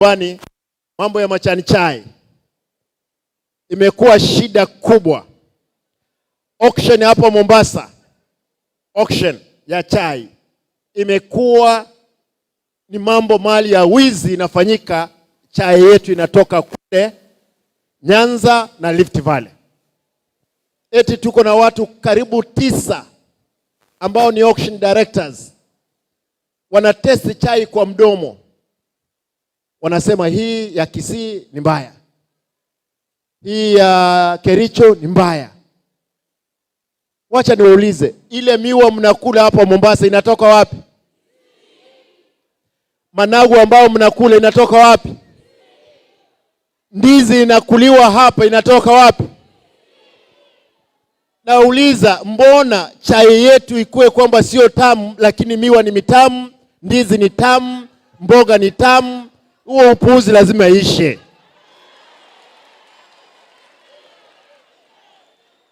Kwani mambo ya machani chai imekuwa shida kubwa. Auction hapo Mombasa, auction ya chai imekuwa ni mambo mali ya wizi inafanyika. Chai yetu inatoka kule Nyanza na Rift Valley, eti tuko na watu karibu tisa ambao ni auction directors, wanatesti chai kwa mdomo wanasema hii ya Kisii ni mbaya, hii ya Kericho ni mbaya. Wacha niwaulize, ile miwa mnakula hapa Mombasa inatoka wapi? Managu ambao mnakula inatoka wapi? Ndizi inakuliwa hapa inatoka wapi? Nauliza, mbona chai yetu ikuwe kwamba sio tamu, lakini miwa ni mitamu, ndizi ni tamu, mboga ni tamu huo upuuzi lazima ishe.